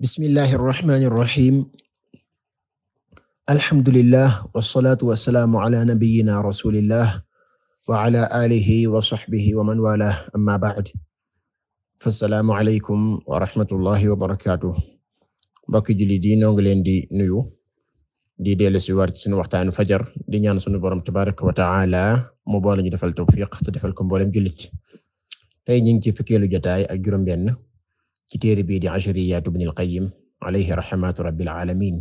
bismillahi irrahmani irrahim alhamdulilah wasalaatu wasalaamu ala nabiyina rasulillah wa ala alihi wa sahbihi wa man wala amma ba'd fasalaamu aleykum wa rahmatullahi wa barakatuh mbokki julli di noo leen di nuyu di dellu si war ci sunu waxtaanu fajar di ñaan sunu borom tabaraka wa taala mu boole ñu defal tawfiq te defal ko mboolem jullit tey ñu ngi ci fukkeelu jotaay ak juróom benn ci téere bii di Ashriyaat Ibn al-Qayyim alayhi rahmatu rabbil alamin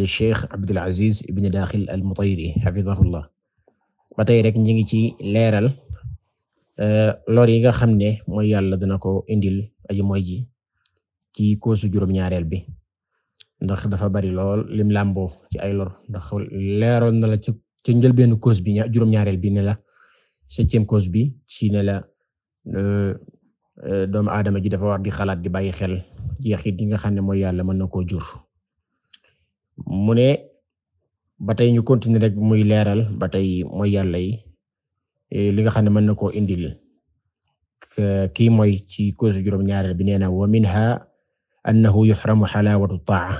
li Cheikh Abdul Aziz Ibn Daxil al-Mutayri hafizahullah ba tey rek ñu ngi ci leeral e, lor yi nga xam ne mooy yàlla dina ko indil aji mooy ji ci koosu juróom-ñaareel bi ndax dafa bari lool lim lambo ci ay lor ndax leeral na ci ci njëlbeenu bi juróom-ñaareel bi ne la septième bi ci ne e, Euh, doomu aadama ji dafa war di xalaat di bàyyi xel jeexit yi nga xam ne mooy yàlla mën na koo jur mu ne ba tey ñu continuer rek muy leeral ba tey mooy yàlla yi eh, li nga xam ne mën na koo indil kii mooy ci cause juróom-ñaareel bi nee na wa minha annahu yuhramu xalaawatu taa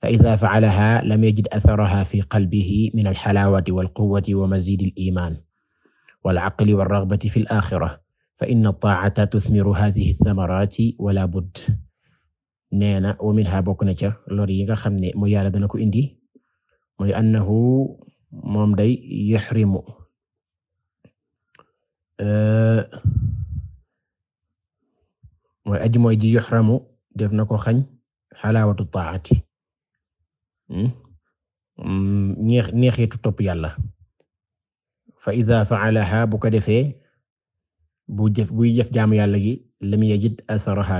fa ida faalaha lam yajid atharaha fi qalbihi min alxalaawati walquwati wa mazid aliman walaqli walragbati fi alaxira fa inna taa'ata tusmiru hadhihi thamarati wala budd nee na wa minha bokk na ca lor yi nga xam ne mooy yàlla dana ko indi mooy annahu moom day yuhrimu mooy aji mooy ji yuhramu def na ko xañ xalaawatu taa'ati neex neexitu topp yàlla fa idha fa'alaha bu ko defee bu jef buy jëf jaamu yàlla gi lam yajid asaraha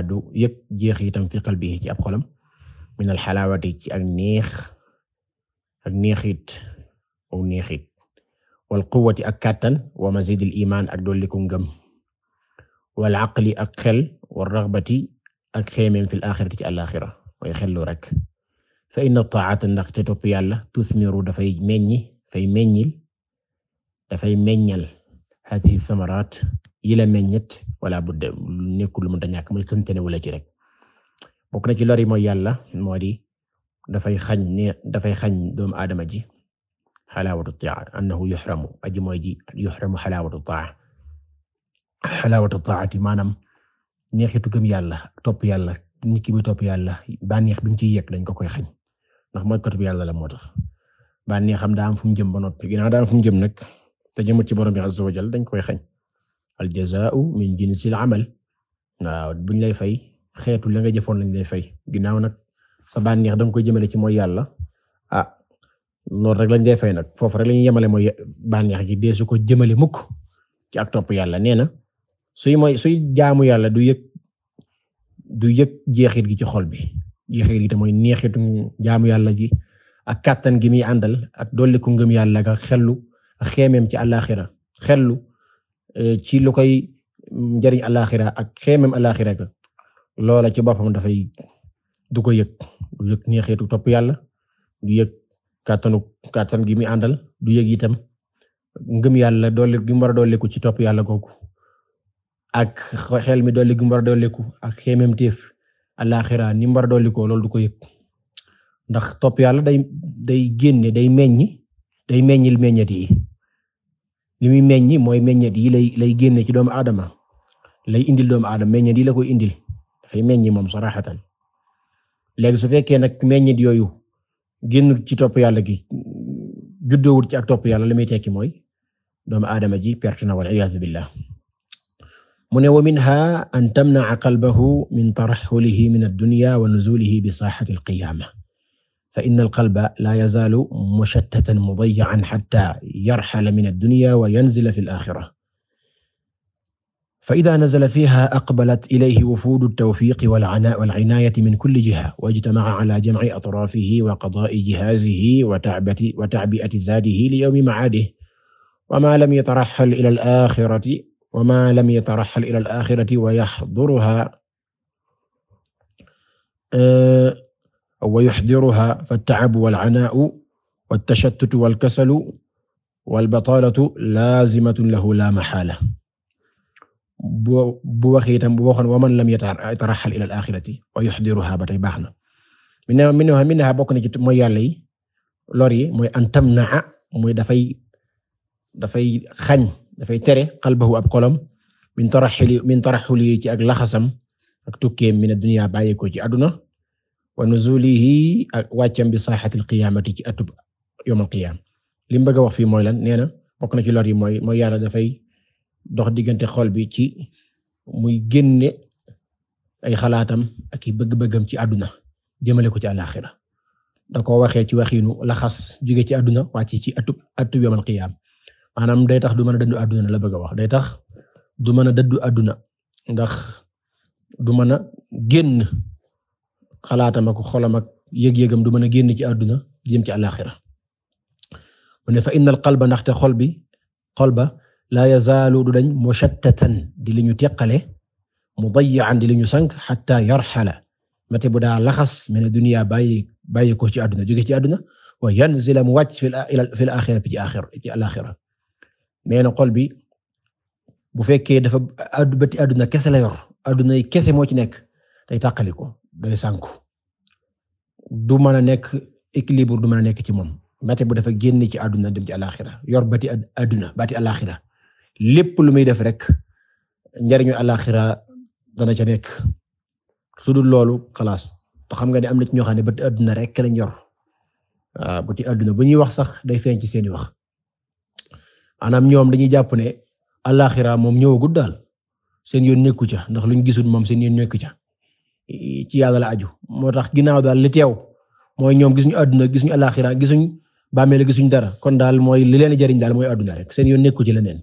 fi qalbihi ci ab xolam min al ci ak neex ak neexit aw neexit wal ak kàttan wa mazidil iman ak dolliku ngëm wal aqli ak xel wal ragbati ak xeemeem fil axirati ci alaxira rek fa inna taa'ata ndaxte topp yàlla tusmiru dafay meññi fay meññil dafay meññal hadihi samaraat yi la meññet wala bu dee nekkul lu mënta ñàkk muy continuer wala ci rek bokk na ci lor mooy yàlla moo di dafay xañ ne dafay xañ doomu aadama ji xalaawatu taa annahu yuxramu aji mooy ji yuxramu xalaawatu taa xalaawatu taati maanaam neexitu gëm yàlla topp yàlla nit ki bi topp yàlla bànneex bi mu ciy yëg dañ ko koy xañ ndax mooy kotub yàlla la moo tax bànneexam daa am fu mu jëm ba noppi ginnaaw fu mu jëm nag te jëmut ci borom bi azza wa jalla dañ koy xañ al jazaa'u min jinsil amal waaw buñ lay fay xeetu la nga jëfoon lañ lay fay ginnaaw nag sa bànneex danga koy jëmale ci mooy yàlla ah loolu rek lañ lay fay nag foofu rek lañuy yemale mooy bànneex gi deesu ko jëmale mukk ci ak topp yàlla nee na suy mooy suy jaamu yàlla du yëg du yëg jeexit gi ci xol bi jeexit gi te mooy neexitu jaamu yàlla gi ak kàttan gi muy àndal ak dolliku ngëm yàlla ga xellu ak ci àllaaxira xellu ci lu koy njariñ alaxira ak xeemem alaxira ga loola ci boppam dafay du ko yëg du yëg neexeetu topp yàlla du yëg kàttanu kàttan gi muy àndal du yëg itam ngëm yàlla doole gi war ci topp yàlla googu ak xel mi doole gi mu a dooleeku ak xeemem téef alaxira ni mu war a dooleekoo loolu du ko yëg ndax topp yàlla day génne day meññi day meññil meññati yi li muy meññi mooy meññeet yi lay lay génne ci doomu aadama lay indil doomu aadama meññeet yi la koy indil dafay meññi moom saraxatan léegi su fekkee nag meññeet yooyu génn ci topp yàlla gi juddoowul ci ak topp yàlla li muy tekki mooy doomu aadama ji perte na wal iyaazu billah an tamna'a qalbahu min taraxulihi min ad-dunya wa nuzulihi bi fa inna alqalba la yazaalu mushattatan mudayyi'an hatta yarhala min ad-dunya wa yanzila fi al-akhirah fa idha nazala fiha aqbalat ilayhi wufudu at-tawfiq wal-'inaayati min kulli jiha wa ijtama'a 'ala jam'i atrafihi wa qadaa'i jihaazihi wa ta'biyati zaadihi li yawmi ma'aadihi wa ma lam yatarahhal ila al-akhirati wa ma lam yatarahhal ila al-akhirati wa yahduruha wa yuxdiruha fattacabu walcanaau wattashattutu walkasalu walbataalatu laazimatun lahu laa maxaala bu bu waxee itam bu waxoon wa man lam yataraxal ila alaaxirati wa yuxdiruha ba tey baax na. minha minha minha bokk na ci mooy yàlla yi lor yi mooy an tamnaa mooy dafay dafay xañ dafay tere qalbahu ab xolam min taraxuli min taraxuli ci ak laxasam ak tukkeem min ad-dunya bàyyeekoo ci àdduna. wa nuzulihi ak wàccam bi saaxatil qiyaamati ci atub yawmal qiyaam li mu wax fii mooy lan nee na bokk na ci lor yi mooy mooy yàlla dafay dox diggante xol bi ci muy génne ay xalaatam ak bëgg-bëggam ci àdduna jëmale ko ci àlaxira da koo waxee ci waxiinu laxas jóge ci àdduna wàcc ci atub atub yawmal qiyaam maanaam day tax du mën a dëddu àdduna la bëgg a wax day du mën a dëddu àdduna ndax du mën a génn xalaatam ak xolam ak yëg-yëgam du mën a génn ci àdduna jëm ci alaxira mu ne fa innal qalba ndaxte xol bi xol ba laa yazaalu du dañ mushattatan di li ñu teqale mudayyaan di li ñu sànq xatta yarxala mate bu daa laxas mel ne dunia bàyyi bàyyi ko ci àdduna jóge ci àdduna wa yanzila mu wàcc fil axira ci axira ci alaxira na xol bi bu fekkee dafa addu bëti àdduna kese la yor àdduna yi kese moo ci nekk day tàqali day sànku du mën a nekk équilibre du mën a nekk ci moom bate bu dafa génn ci àdduna dem ci alaxira yor bati àdduna bati alaxira lépp lu muy def rek njariñu alaxira dana ca nekk su loolu xalaas te xam nga ne am na ñoo xam ne bati àdduna rek lañ yor bati àdduna bu ñuy wax sax day feeñ ci seeni wax anam ñoom dañuy jàpp ne alaxira moom ñëwagul daal seen yoon nekku ca ndax luñ gisul moom seen yoon nekku ca ci yàlla la aju moo tax ginnaaw daal li teew mooy ñoom gisuñu àdduna gisuñu alaxira gisuñ bàmmeel gisuñ dara kon daal mooy li leen jariñ daal mooy àdduna rek seen yoon nekku ci leneen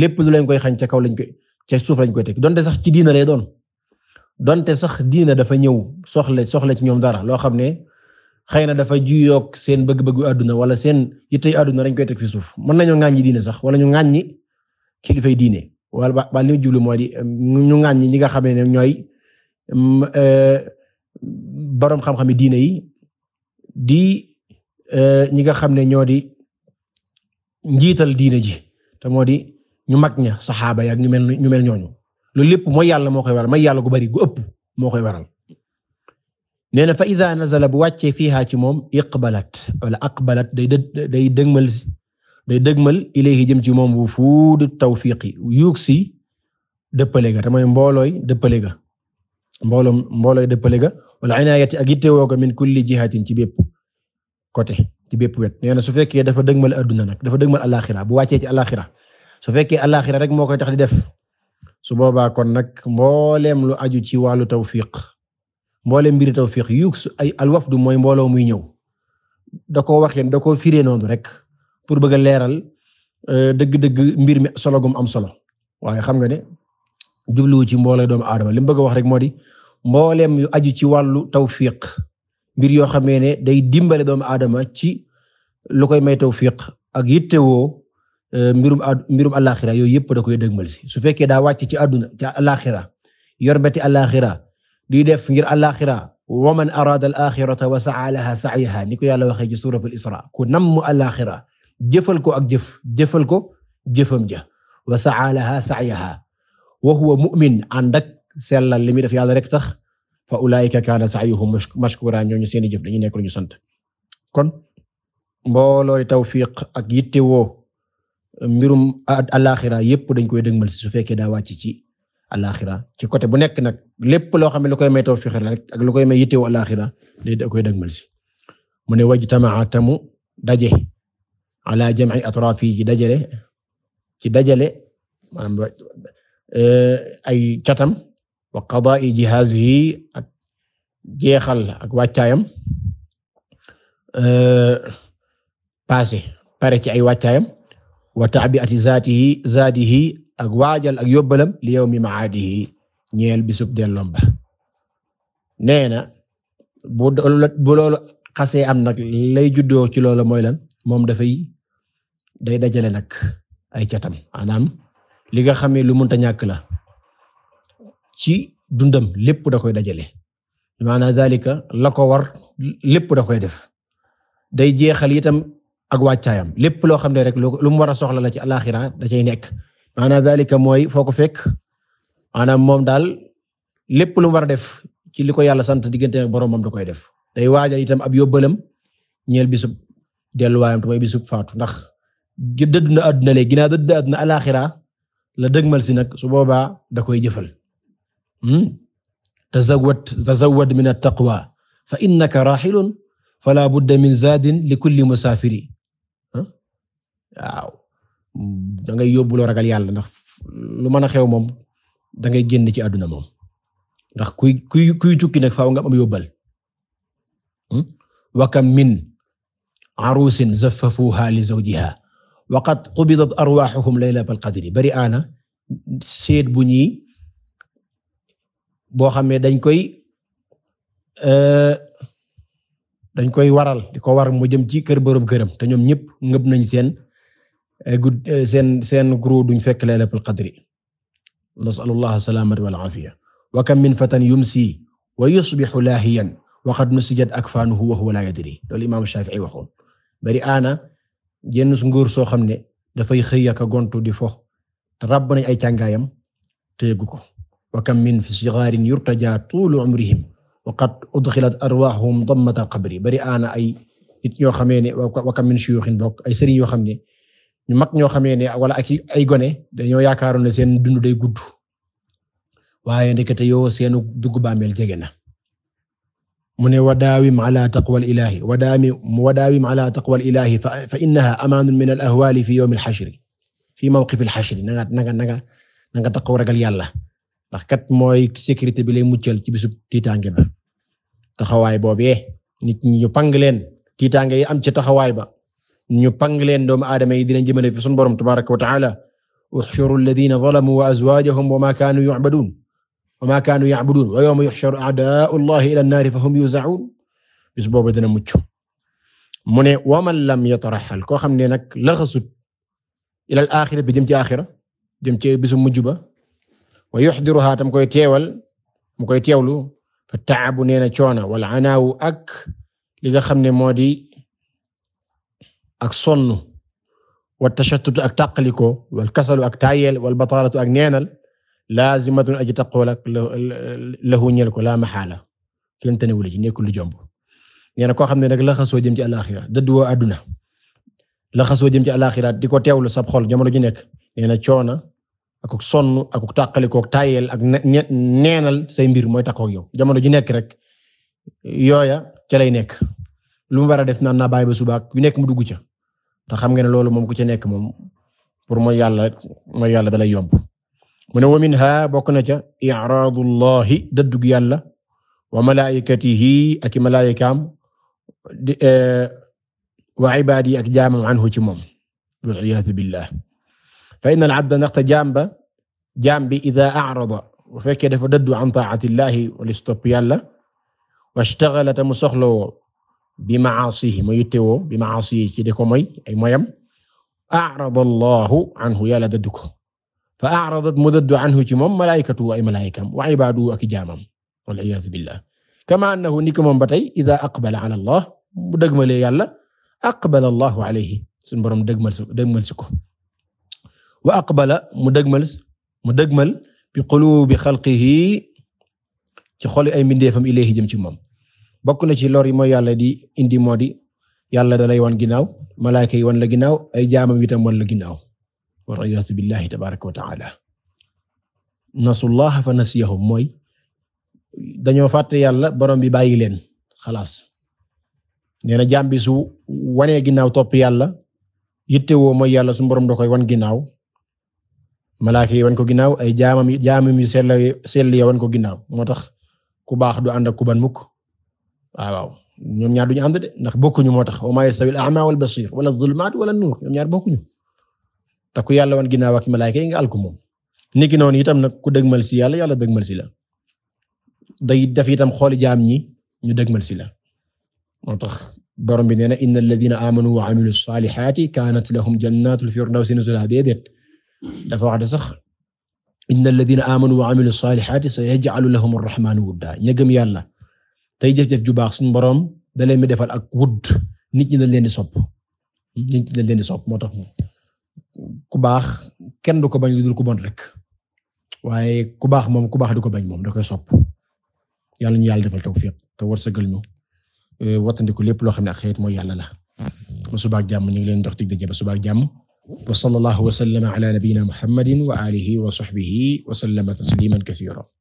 lépp lu leen koy xañ ca kaw lañ koy ca suuf lañ koy teg donte sax ci diina lay doon donte sax diina dafa ñëw soxla soxla ci ñoom dara loo xam ne xëy na dafa juyoog seen bëgg-bëggu àdduna wala seen yittey àdduna dañ koy teg fi suuf mën nañoo ŋàññi diine sax wala ñu ŋàññi kilifay diine wala ba li ñu mooy di ñu ŋàññi ñi nga xam ne ñooy Eh, boroom xam-xam diina diine yi di eh, ñi nga xam ne ñoo di njiital diine ji te moo di ñu mag ña saxaaba yaak ñu mel ñu mel ñooñu loolu lépp mooy yàlla moo koy waral mooy yàlla gu bari gu ëpp moo koy waral nee na fa ida nazala bu wàccee fiihaa ci moom iqbalat wala aqbalat day day dëgmal day dëgmal ilayhi jëm ci moom bu fuudu tawfiqi yuug si dëppale mooy mboolooy dëppale ga mbooloo mbooloo dëppale ga wala inaayati ak yittewoo ko min kulli jihatin ci bépp côté ci bépp wet nee na su fekkee dafa dëgmal adduna nag dafa dëgmal alaxira bu wàccee ci alaxira su fekkee alaxira rek moo koy tax di def su boobaa kon nag mboolem lu aju ci wàllu tawfiq mbooleem mbiri tawfiq su ay du mooy mbooloo muy ñëw da koo waxee da koo firee noonu rek pour bëgg a leeral euh, dëgg-dëgg mbir mi solo gum am solo waaye xam nga jubluwu ci mboole doomu aadama li mu bëgg a wax rek moo di mbooleem yu aju ci wàllu tawfiq mbir yoo xamee ne day dimbale doomu aadama ci lu koy may tawfiq ak yittewoo e, mbirum mbirum alaxira yooyu yëpp da koy dëgmal si su fekkee daa wàcc ci àdduna ci alaxira yor beti alaxira di def ngir alaxira wa man arada alaxirata wa sa sa'a sa sa'yaha ni ko yàlla waxee ci suratul isra ku namm alaxira jëfal ko ak jëf jëfal ko jëfam ja wa sa'a laha sa'yaha wa huwa mu'min ànd ak sellal li muy def yàlla rek tax fa ulaa'ika kaana sa'yuhum mashkuura ñooñu seeni jëf dañuy nekk lu ñu sant kon mboolooy tawfiq ak yittewoo mbirum alaxira yépp dañ koy dëgmal si su fekkee daa wàcc ci alaxira ci côté bu nekk nag lépp loo xam ne lu koy may tawfiq rek ak lu koy may yittewoo alaxira day da koy dëgmal si mu ne wajtamaa tamu daje ala jam'i atrafi ji dajale ci dajale Eh, ay catam wa qada'i jihaazihi ak jeexal ak wàccaayam eh, passé pare ci ay wàccaayam wa ta'bi'ati zaatihi zaadihi ak waajal ak yóbbalam li yawmi ma'aadihi ñeel bisub delloom ba nee na bu bu loolu xasee am nag lay juddoo ci loolu mooy lan moom dafay day dajale nag ay catam maanaam li nga xamee lu mënta ñàkk la ci dundam lépp da koy dajale maanaam zalika la ko war lépp da koy def day jeexal itam ak wàccaayam lépp loo xam ne rek lu mu war a soxla la ci alaxira da cay nekk maanaam zalika mooy foo ko fekk maanaam moom daal lépp lu mu war a def ci li ko yàlla sant diggante ak moom da koy def day waajal itam ab yóbbalam ñeel bisub delluwaayam te mooy bisub faatu ndax dëdd na àdduna léegi ginnaaw dëdd na àdduna alaxira la dëgmal si nag su boobaa da koy jëfal hmm? tazawwad tazawwad min at-taqwa fa innaka raahilun falaa budda min zaadin li kulli musaafiri waaw da ngay ragal yàlla ndax lu mën a xew moom dangay ngay génn ci àdduna moom ndax kuy kuy kuy tukki nag nga am yóbbal hmm? wa kam min arusin zaffafuha li zawjiha waqad qubidat arwaxuhum laylatal qadri bari aana seet bu ñuy boo xam ne dañ koy euh, dañ koy waral di ko war mu jëm ci kër borom këram te ñoom ñëpp ngëb nañ seen euh, gud euh, seen seen guro duñ fekk laylatul qadri nasalullaha salaamata wal afiya wa kam min fatan yumsi wa yusbixu laahiyan wa qad nusijat akfaanuhu wa huwa laa yadri loolu imaam Shaafi'i waxoon bari aana jenn su nguur soo xam ne dafay xëy ak a gontu di fo te ràbb nañ ay càngaayam teegu ko wa kam min fi sigaarin yurtajaa tuulu umrihim wa qad udxilat arwaaxuhum dammata alqabri bari aana ay nit ñoo xamee ne wa kam min shuyuxin bokk ay sëriñ yoo xam ne ñu mag ñoo xamee ne wala ak ay gone dañoo yaakaaroon ne seen dund day gudd waaye ndekete yoo seenu dugg bàmmeel jege na mu ne wadaawim ala taqwal ilaahi wadaami wadaawim ala taqwal ilaahi fa fa innaha amaanun min al ahwaali fi yawmil xashri fi mawqifil xashri na nga na nga na nga na nga taqaw ragal yàlla ndax kat mooy sécurité bi lay muccal ci bisub tiitaange ba taxawaay boobee nit ñi ñu pang leen tiitaange yi am ci taxawaay ba ñu pang leen doomu aadama yi dina jëmale fi sunu borom tabaaraka wa ta'aala uxshuru alladhiina zalamu wa azwaajahum wa maa kaanuu yu'baduun wa maa kaanu ya'buduun wa yawma yuhsharu a'daa'u llahi ila an-naari fa hum yuuza'uun bis boobu dina mucc mu ne wa man lam yataraxal koo xam ne nag laxasut ila al-aaxira bi jëm ci aaxira jëm ci bisu mujj ba wa yuhdiruhaa tam koy teewal mu koy teewlu fa taabu nee na coona wal anaawu ak li nga xam ne moo di ak sonn wa tashattut ak taqaliko wal kasalu ak taayel wal bataalatu ak neenal laazimatun aji taqoo la lahu ñeel ko la maxaala kenn tane wala ji nekkul lu jomb nee na koo xam ne nag laxasoo jëm ci alaxira dëdduwoo àdduna laxasoo jëm ci alaxira di ko teewlu sab xol jamono ji nekk nee na coona akuk sonn akuk tàqalikook tayel ak neenal say mbir mooy taqoog yow jamono ji nekk rek yooya ca lay nekk lu mu war a def naan naa bàyyi ba subaak yu nekk mu dugg ca te xam nga ne loolu moom ku ca nekk moom pour mooy yàlla mooy yàlla dalay yomb mu ne wa minha bokk na ca i'raadullahi dëddug yàlla wa malaa'ikatihi ak malaa'ikaam e, wa ibaadi ak jaamam anhu ci moom wal iyaadu billah fa inna al-abda ndaxte jaam ba jaam bi idaa a'rada bu fekkee dafa dëddu an taa'atillahi wala stop yàlla washtaghala te mu soxlawoo bi ma'aasihi ma yittewoo bi ma'aasihi ci de ko moy ay moyam a'rada Allahu anhu yàlla dëddu ko fa a'radat mu dëddu anhu ci moom malaa'ikatu ay malaa'ikam wa ibaadu ak i jaamam wal iyaazu billah kama annahu ni ko moom ba tey idaa aqbala ala allah bu dëgmalee yàlla aqbala allahu alayhi suñu borom dëgmal si dëgmal si ko wa aqbala mu dëgmal mu dëgmal bi quluubi xalqihi ci xoli ay mbindeefam ilayhi jëm ci moom bokk na ci lor yi mooy yàlla di indi moo di yàlla dalay wan ginnaaw malaaka yi wan la ginnaaw ay jaamam itam wan la ginnaaw waliyasu billahi tabaraka wa taala nasullaha fa nasiyahum mooy dañoo fàtte yàlla borom bi bàyyi leen xalaas nee na jaam bi su wanee ginnaaw topp yàlla yittewoo mooy yàlla su borom da koy wan ginnaaw malaaka yi wan ko ginnaaw ay jaamam jaamam yu sell sell ya wan ko ginnaaw moo tax ku baax du ànd ak ku ban mukk waaw ñoom ñaar duñu ànd de ndax bokkuñu moo tax wa ma yastawil a'ma wal basir wala dhulumat wala nur ñoom ñaar bokkuñu te ku yàlla wan ginnaaw ak malaayka yi nga alku ni niki noonu itam nag ku dëgmal si yàlla yàlla dëgmal si la day def itam xooli jaam ñi ñu dëgmal si la moo tax borom bi nee na inna alladhina amanu wa amilu salihati kanat lahum jannatul firdawsi nuzula déedéet dafa wax de sax inna alladhina amanu wa amilu salihati sayaj'alu lahum arrahmanu wudda ña gëm yàlla tey jëf-jëf ju baax suñu borom da leen mi defal ak wudd nit ñi dañ leen di sopp nit ñi dañ leen di sopp moo tax ku baax kenn du ko bañ lu dul ku bon rek waaye ku baax moom ku baax du ko bañ moom da koy sopp yàlla ñu yàlla defal tawfiq te wërsëgal ñu eh, wattandiku lépp loo xam ne ak xeet mooy yàlla la ba subaak jàmm ñu ngi leen dox dig daje ba subaak jàmm wa sallallahu wa sallama ala nabiyyina muhammadin wa alihi wa sahbihi wa sallama tasliman kathira